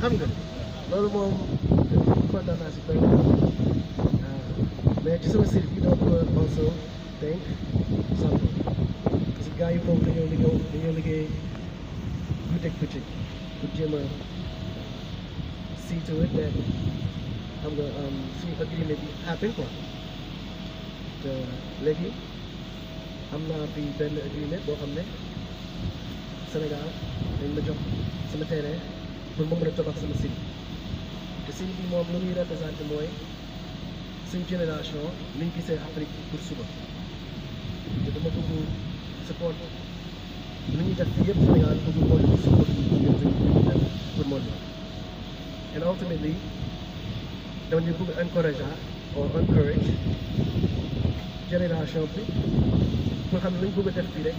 xam nga loolu moom kontaan naa si trop mais ci sama série bi donc also thank sant parce que gars yi moom dañoo liggéey dañoo liggéey guddeeg bëccëg pour jéem a see to it that xam nga um, suñu agreement bi happen quoi te léegi am naa benn agreement boo xam ne Sénégal dañ ma jox sama terrain pour ma mën a tabax sama site te site bi moom lu muy représenté mooy suñ génération liñ gisee Afrique pour suba te dama bëgg support lu ñuy def yëpp Sénégal bëgg mooy pour suba pour monde and ultimately dama ñu bëgg encourager or encourage génération bi pour xam ne luñ bëgg a def fii rek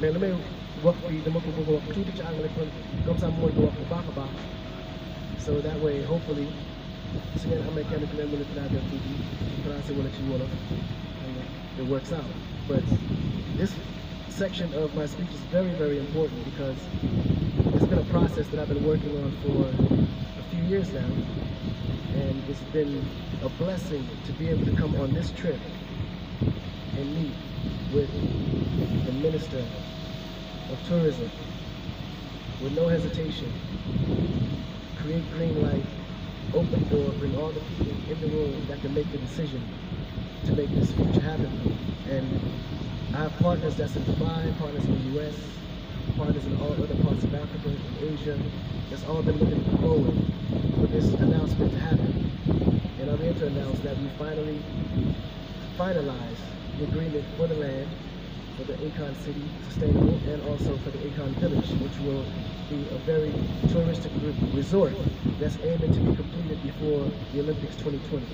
mais li may wax fii dama ko bëgg a wax tuuti ci anglais kon comme ça mu mën ko wax bu so that way hopefully su ngeen amee kenn ku leen mën a traduire tuuti français wala ci wolof it works out but this section of my speech is very very important because it's been a process that I've been working on for a few years now and it's been a blessing to be able to come on this trip and meet with the Minister of Tourism with no hesitation. Create green light, open door, bring all the people in the room that can make the decision to make this future happen. And I have partners that's in Dubai, partners in the US, partners in all other parts of Africa and Asia, that's all been looking forward for this announcement to happen. And I'm here to announce that we finally finalized agreement for the land for the Akon City Sustainable and also for the Akon Village, which will be a very touristic resort that's aiming to be completed before the Olympics 2020.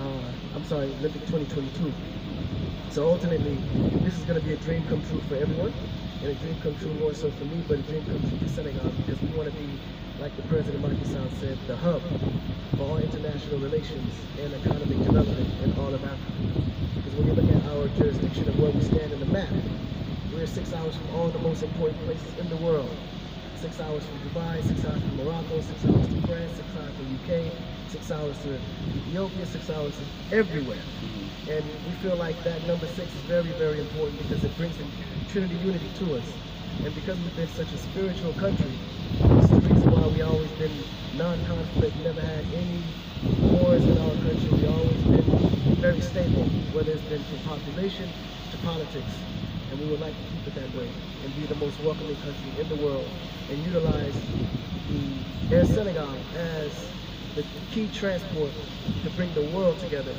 Uh, I'm sorry, Olympic 2022. So ultimately, this is going to be a dream come true for everyone, and a dream come true more so for me, but a dream come true for Senegal, because we want to be, like the President Macky Sall said, the hub for all international relations and economic development in all of Africa when you look at our jurisdiction of where we stand in the map, we're six hours from all the most important places in the world. Six hours from Dubai, six hours from Morocco, six hours to France, six hours from UK, six hours to Ethiopia, six hours to everywhere. Mm-hmm. And we feel like that number six is very, very important because it brings the Trinity unity to us. And because we've been such a spiritual country, it's the reason why we always population to politics. And we would like to keep it that way and be the most welcoming country in the world and utilize the Air Senegal as the key transport to bring the world together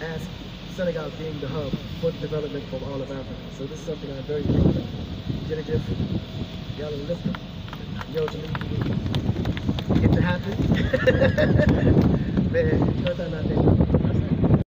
as Senegal being the hub for development from all of Africa. So this is something I'm very proud of. Jennifer, y'all are listening. Yo, Jamaica, it to happen. Man, you know,